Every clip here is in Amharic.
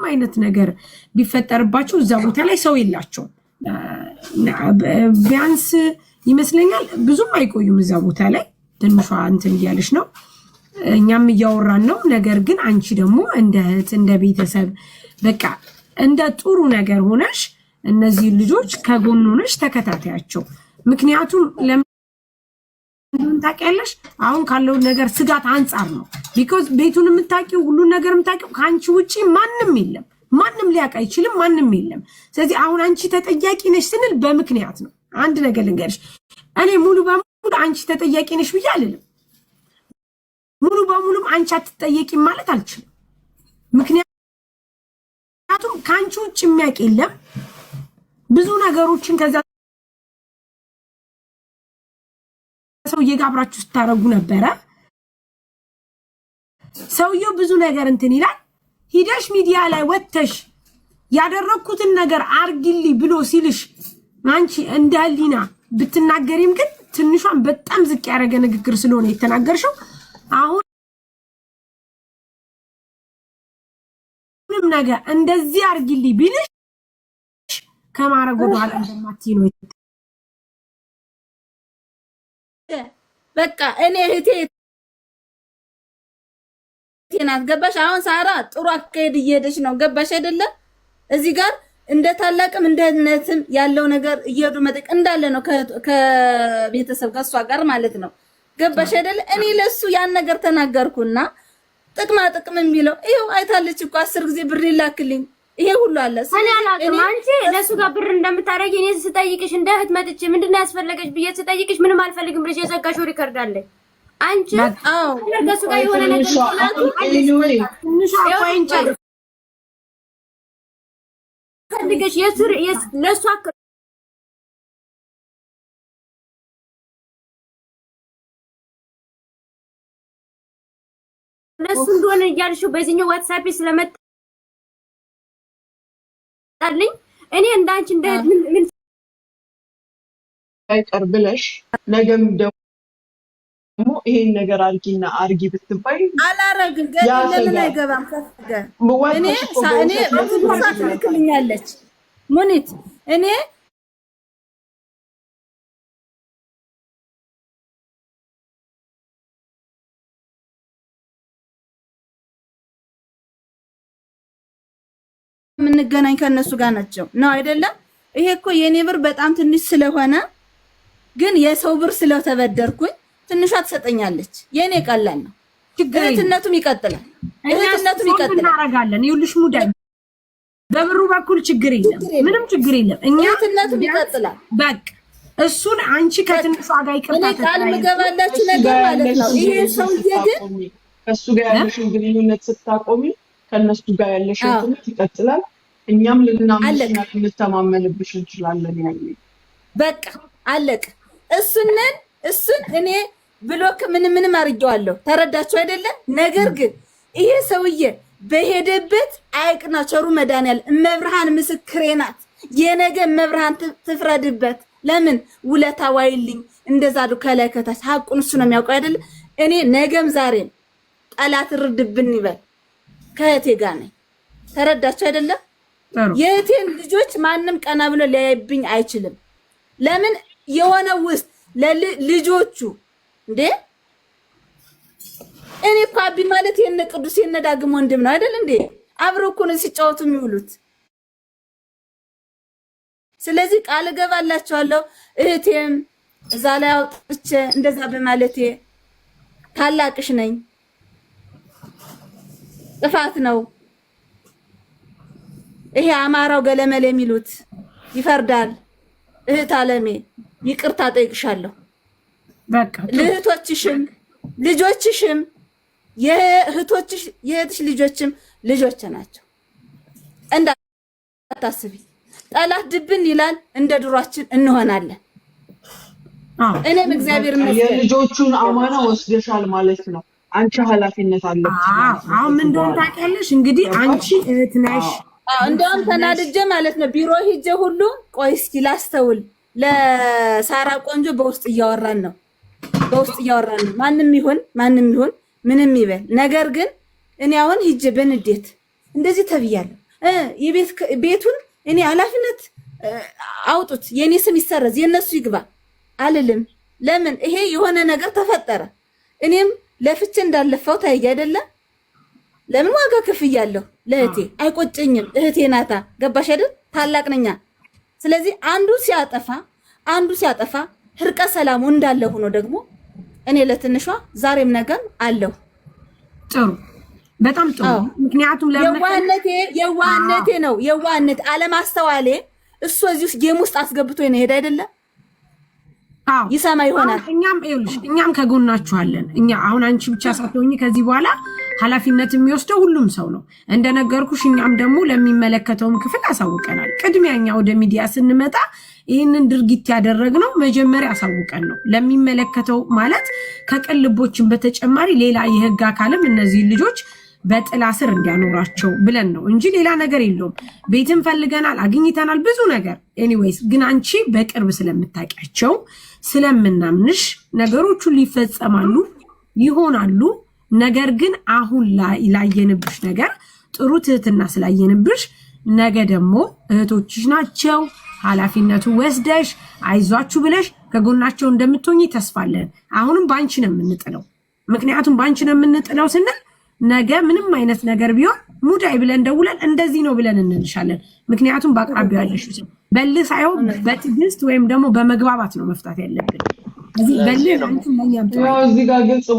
ምንም አይነት ነገር ቢፈጠርባቸው እዛ ቦታ ላይ ሰው የላቸውም። ቢያንስ ይመስለኛል ብዙም አይቆዩም እዛ ቦታ ላይ። ትንሿ እንትን እያለች ነው፣ እኛም እያወራን ነው። ነገር ግን አንቺ ደግሞ እንደ እህት እንደ ቤተሰብ በቃ እንደ ጥሩ ነገር ሆነሽ እነዚህ ልጆች ከጎን ሆነሽ ተከታታያቸው። ምክንያቱም እንደሆን ታውቂያለሽ። አሁን ካለው ነገር ስጋት አንጻር ነው። ቢኮዝ ቤቱን የምታውቂው ሁሉን ነገር የምታውቂው ከአንቺ ውጪ ማንም የለም። ማንም ሊያውቅ አይችልም። ማንም የለም። ስለዚህ አሁን አንቺ ተጠያቂ ነሽ ስንል በምክንያት ነው። አንድ ነገር ልንገርሽ፣ እኔ ሙሉ በሙሉ አንቺ ተጠያቂ ነሽ ብዬ አልልም። ሙሉ በሙሉም አንቺ አትጠየቂም ማለት አልችልም። ምክንያቱም ከአንቺ ውጭ የሚያውቅ የለም ብዙ ነገሮችን ከዛ ሰውዬ ጋር ስታረጉ ነበረ። ሰውየው ብዙ ነገር እንትን ይላል። ሂደሽ ሚዲያ ላይ ወጥተሽ ያደረግኩትን ነገር አርግልኝ ብሎ ሲልሽ አንቺ እንደ ህሊና ብትናገሪም ግን ትንሿን በጣም ዝቅ ያደረገ ንግግር ስለሆነ የተናገርሽው አሁን ምንም ነገር እንደዚህ አርግልኝ ቢልሽ ከማረጉ በኋላ እንደማትይ ነው። በቃ እኔ እህቴ ናት። ገባሽ? አሁን ሳራ ጥሩ አካሄድ እየሄደች ነው። ገባሽ አይደለ? እዚህ ጋር እንደ ታላቅም እንደ እህትም ያለው ነገር እየሄዱ መጠቅ እንዳለ ነው። ከቤተሰብ ጋር ጋር ማለት ነው። ገባሽ አይደለ? እኔ ለሱ ያን ነገር ተናገርኩና ጥቅማ ጥቅም የሚለው ይኸው አይታለች እኮ አስር ጊዜ ብር ይላክልኝ ይሄ ሁሉ አለ። አንቺ ለእሱ ጋር ብር እንደምታደርጊ እኔ ስጠይቅሽ እንደ እህት መጥቼ ምንድን ነው ያስፈለገሽ ብዬ ስጠይቅሽ ምንም አልፈልግም ብለሽ የዘጋሽው ሪከርድ አለኝ። አንቺ ከእሱ ጋር የሆነ ነገር ፈልገሽ ለእሱ ለእሱ እንደሆነ እያልሽው በዚህኛው ዋትሳፕ ስለመጣ ጣልኝ እኔ እንዳንቺ እንደ ምን አይቀር ብለሽ ነገም ደግሞ ይሄን ነገር አርጊና አርጊ ብትባይ አላረግም። ለምን አይገባም? ከፍገ እኔ እኔ ልክልኛለች ሙኒት እኔ የምንገናኝ ከእነሱ ጋር ናቸው ነው አይደለም? ይሄ እኮ የኔ ብር በጣም ትንሽ ስለሆነ ግን የሰው ብር ስለተበደርኩኝ ትንሿ ትሰጠኛለች። የኔ ቀላል ነው። እህትነቱም ይቀጥላል። እህትነቱም ይቀጥላል። እናረጋለን። ይኸውልሽ ሙዳይ በብሩ በኩል ችግር የለም፣ ምንም ችግር የለም። እኛ እህትነቱም ይቀጥላል። በቃ እሱን አንቺ ከትንሿ ጋር ይቀጥላል። እኔ ቃል ምገባላችሁ ነገር ማለት ነው። ይሄ ሰውዬ ግን ከእሱ ጋር ያለሽን ግንኙነት ስታቆሚ ከእነሱ ጋር ያለሽ ትምህርት ይቀጥላል። እኛም ልናምንና ልንተማመንብሽ እንችላለን። ያ በቃ አለቅ እሱነን እሱን እኔ ብሎክ ምን ምንም አርጌዋለሁ። ተረዳችሁ አይደለም? ነገር ግን ይሄ ሰውዬ በሄደበት አይቅና ቸሩ መድኃኒዓለም እመብርሃን ምስክሬ ናት። የነገ እመብርሃን ትፍረድበት። ለምን ውለታ ዋይልኝ እንደዛ ዱ ከላይ ከታች ሀቁን እሱ ነው የሚያውቀው አይደለም? እኔ ነገም ዛሬም ጠላት እርድብን ይበል። ከእህቴ ጋር ነኝ። ተረዳችሁ አይደለም? የእህቴን ልጆች ማንም ቀና ብሎ ሊያይብኝ አይችልም። ለምን የሆነ ውስጥ ለልጆቹ እንዴ እኔ እኮ አቢ ማለት የነ ቅዱስ የነ ዳግም ወንድም ነው አይደል እንዴ? አብሮ እኮ ነው ሲጫወቱ የሚውሉት። ስለዚህ ቃል እገባላችኋለሁ እህቴም እዛ ላይ አውጥቼ እንደዛ በማለቴ ታላቅሽ ነኝ። ጥፋት ነው። ይሄ አማራው ገለመል የሚሉት ይፈርዳል። እህት አለሜ ይቅርታ ጠይቅሻለሁ። ልእህቶችሽም ልጆችሽም የእህቶችሽ የእህትሽ ልጆችም ልጆች ናቸው እንዳታስቢ። ጠላት ድብን ይላል። እንደ ድሯችን እንሆናለን። እኔም እግዚአብሔር ይመስገን የልጆቹን አማና ወስደሻል ማለት ነው። አንቺ ኃላፊነት አለብሽ። አሁን ምን እንደሆነ ታውቂያለሽ። እንግዲህ አንቺ እህት ነሽ። እንደውም ተናድጄ ማለት ነው ቢሮ ሂጄ ሁሉ ቆይ እስኪ ላስተውል። ለሳራ ቆንጆ በውስጥ እያወራን ነው፣ በውስጥ እያወራን ነው። ማንም ይሁን ማንም ይሁን ምንም ይበል። ነገር ግን እኔ አሁን ሂጄ በንዴት እንደዚህ ተብያለሁ። ቤቱን እኔ ኃላፊነት አውጡት፣ የእኔ ስም ይሰረዝ፣ የእነሱ ይግባ አልልም። ለምን ይሄ የሆነ ነገር ተፈጠረ እኔም ለፍቼ እንዳለፋው ታይዬ አይደለም። ለምን ዋጋ ከፍያለሁ ለእህቴ አይቆጭኝም እህቴ ናታ። ገባሽ አይደል? ታላቅ ነኛ። ስለዚህ አንዱ ሲያጠፋ አንዱ ሲያጠፋ ህርቀ ሰላሙ እንዳለ ሆኖ ደግሞ እኔ ለትንሿ ዛሬም ነገም አለሁ። ጥሩ በጣም ጥሩ። ምክንያቱም የዋህነቴ የዋህነቴ ነው የዋህነት አለማስተዋሌ እሱ እዚህ ውስጥ ጌም ውስጥ አስገብቶ ነው ሄደ አይደለም ይሰማ ይሆናል። እኛም ይኸውልሽ፣ እኛም ከጎናችኋለን። እኛ አሁን አንቺ ብቻ ሳትሆኚ ከዚህ በኋላ ኃላፊነት የሚወስደው ሁሉም ሰው ነው እንደነገርኩሽ። እኛም ደግሞ ለሚመለከተውም ክፍል አሳውቀናል። ቅድሚያ እኛ ወደ ሚዲያ ስንመጣ ይህንን ድርጊት ያደረግነው መጀመሪያ አሳውቀን ነው ለሚመለከተው ማለት ከቅን ልቦችን በተጨማሪ ሌላ የህግ አካልም እነዚህ ልጆች በጥላ ስር እንዲያኖራቸው ብለን ነው እንጂ ሌላ ነገር የለውም። ቤትም ፈልገናል፣ አግኝተናል፣ ብዙ ነገር ኤኒዌይስ። ግን አንቺ በቅርብ ስለምታውቂያቸው ስለምናምንሽ ነገሮቹ ሊፈጸማሉ ይሆናሉ። ነገር ግን አሁን ላየንብሽ ነገር ጥሩ ትህትና ስላየንብሽ ነገ ደግሞ እህቶችሽ ናቸው ኃላፊነቱ ወስደሽ አይዟችሁ ብለሽ ከጎናቸው እንደምትሆኝ ተስፋለን። አሁንም በአንቺ ነው የምንጥለው። ምክንያቱም በአንቺ ነው የምንጥለው ስንል ነገ ምንም አይነት ነገር ቢሆን ሙዳይ ብለን ደውለን እንደዚህ ነው ብለን እንልሻለን። ምክንያቱም በአቅራቢያ ያለሽ በልህ ሳይሆን በትዕግስት ወይም ደግሞ በመግባባት ነው መፍታት ያለብን። እዚህ ጋር ግልጽ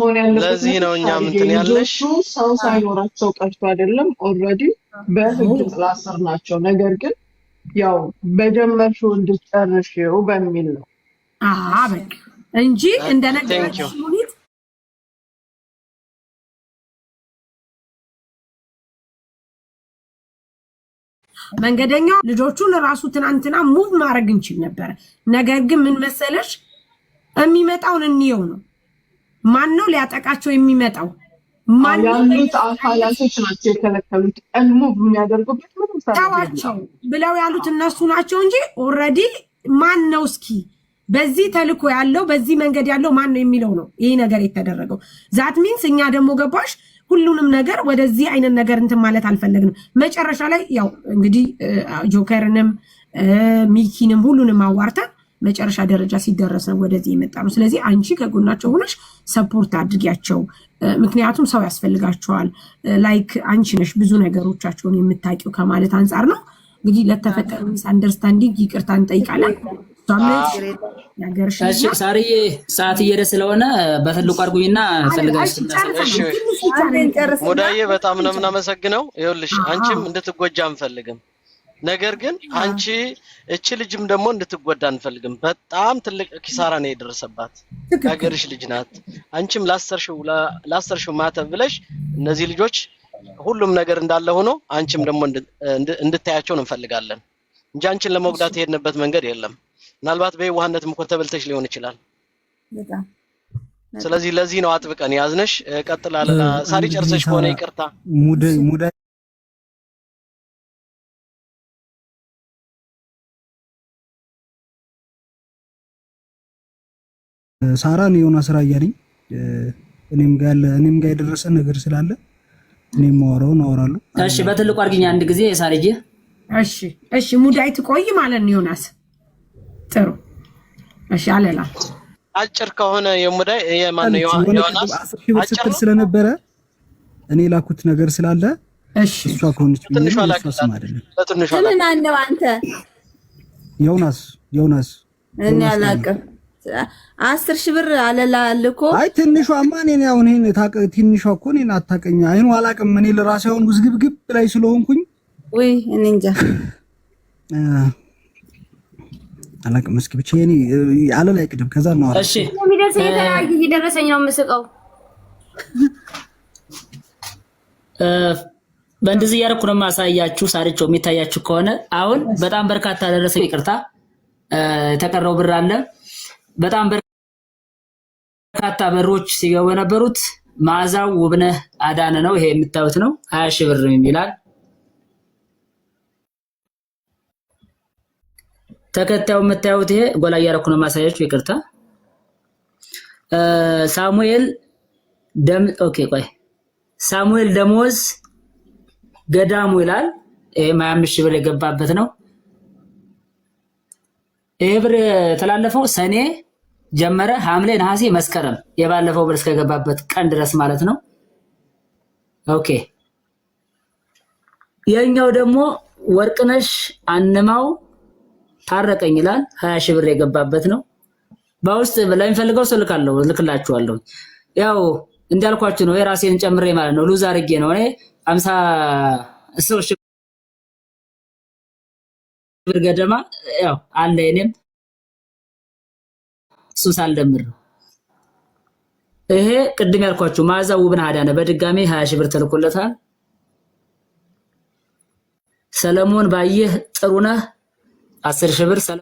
መሆን ያለበት ነው። እኛም እንትን ያለሽ ሰው ሳይኖራቸው ቀርቶ አይደለም፣ ኦልሬዲ በህግ ጥላ ስር ናቸው። ነገር ግን ያው በጀመርሽው እንድትጨርሽው በሚል ነው በቃ እንጂ እንደነገረች መንገደኛው ልጆቹን ራሱ ትናንትና ሙቭ ማድረግ እንችል ነበረ። ነገር ግን ምን መሰለሽ የሚመጣውን እንየው ነው። ማን ነው ሊያጠቃቸው የሚመጣው? ያሉት አካላቶች ናቸው የከለከሉት። ቀን ሙቭ የሚያደርጉበት ተዋቸው ብለው ያሉት እነሱ ናቸው እንጂ ኦልሬዲ ማን ነው እስኪ በዚህ ተልኮ ያለው በዚህ መንገድ ያለው ማን ነው የሚለው ነው ይህ ነገር የተደረገው። ዛት ሚንስ እኛ ደግሞ ገባሽ ሁሉንም ነገር ወደዚህ አይነት ነገር እንትን ማለት አልፈለግንም። መጨረሻ ላይ ያው እንግዲህ ጆከርንም ሚኪንም ሁሉንም አዋርተን መጨረሻ ደረጃ ሲደረስ ነው ወደዚህ የመጣ ነው። ስለዚህ አንቺ ከጎናቸው ሆነሽ ሰፖርት አድርጊያቸው። ምክንያቱም ሰው ያስፈልጋቸዋል። ላይክ አንቺ ነሽ ብዙ ነገሮቻቸውን የምታውቂው ከማለት አንጻር ነው። እንግዲህ ለተፈጠረ ሚስ አንደርስታንዲንግ ይቅርታ እንጠይቃለን። ሳርዬ ሰዓት እየሄደ ስለሆነ በትልቁ አድርጉኝና ፈልጋችሁ ሙዳዬ በጣም ነው የምናመሰግነው። ይኸውልሽ አንቺም እንድትጎጃ አንፈልግም። ነገር ግን አንቺ እቺ ልጅም ደግሞ እንድትጎዳ አንፈልግም። በጣም ትልቅ ኪሳራ ነው የደረሰባት። ሀገርሽ ልጅ ናት። አንቺም ላሰርሽው ማተብ ብለሽ እነዚህ ልጆች ሁሉም ነገር እንዳለ ሆኖ አንቺም ደግሞ እንድታያቸውን እንፈልጋለን እንጂ አንቺን ለመጉዳት የሄድንበት መንገድ የለም። ምናልባት በየዋህነት እኮ ተበልተሽ ሊሆን ይችላል። ስለዚህ ለዚህ ነው አጥብቀን ያዝነሽ። ቀጥላለ ሳሪ ጨርሰሽ ከሆነ ይቅርታ ሳራን የሆነ ስራ እያለኝ እኔም ጋር እኔም ጋር የደረሰ ነገር ስላለ እኔም ማወራውን አወራለሁ። እሺ፣ በትልቁ አድርጊኝ አንድ ጊዜ ሳሪጄ። እሺ፣ እሺ። ሙዳይ ትቆይ ማለት ነው ዮናስ ጥሩ እሺ። አለላ አጭር ከሆነ የሙዳይ ስለነበረ እኔ ላኩት ነገር ስላለ እሺ፣ እሷ ከሆነች አይደለም አንተ ዮናስ ዮናስ እኔ አስር ሺህ ብር አለላ ልኮ አይ እኔ አሁን ይሄን ትንሿ እኮ እኔን አታውቅኝ አይኑ አላውቅም። እኔ ለራሴ አሁን ውዝግብግብ ላይ ስለሆንኩኝ ወይ እኔ እንጃ አላውቅም። እስኪ ብቻ የኔ አለ ላይ ቅድም ከዛ ነው አለ። እሺ የሚደርሰኝ የተለያየ እየደረሰኝ ነው የምስቀው። በእንደዚህ እያደረኩ ነው የማሳያችሁ። ሳርቸው የሚታያችሁ ከሆነ አሁን በጣም በርካታ ደረሰኝ፣ ይቅርታ የተቀረው ብር አለ። በጣም በርካታ በሮች ሲገቡ የነበሩት ማዛው ውብነህ አዳነ ነው። ይሄ የምታዩት ነው። ሀያ ሺህ ብር ይላል ተከታዩ የምታዩት ይሄ ጎላ እያረኩ ነው ማሳያችሁ፣ ይቅርታ። ሳሙኤል ደም ኦኬ፣ ቆይ ሳሙኤል ደሞዝ ገዳሙ ይላል። ይሄ ማያምሽ ብል ብር የገባበት ነው። ይሄ ብር የተላለፈው ሰኔ ጀመረ፣ ሐምሌ፣ ነሐሴ፣ መስከረም የባለፈው ብር እስከገባበት ቀን ድረስ ማለት ነው። ኦኬ የኛው ደግሞ ወርቅነሽ አንማው ታረቀኝ ይላል። ሀያ ሺህ ብር የገባበት ነው። በውስጥ ለሚፈልገው ሰው ልክላችኋለሁ። ያው እንዳልኳችሁ ነው የራሴን ጨምሬ ማለት ነው ሉዝ አድርጌ ነው እኔ አምሳ ሰው ብር ገደማ ያው አለ የኔም ሱስ አልደምር ነው። ይሄ ቅድም ያልኳችሁ ማዕዛ ውብን ሀዳነ በድጋሚ ሀያ ሺህ ብር ተልኮለታል። ሰለሞን ባየህ ጥሩ ነህ። አስር ሺህ ብር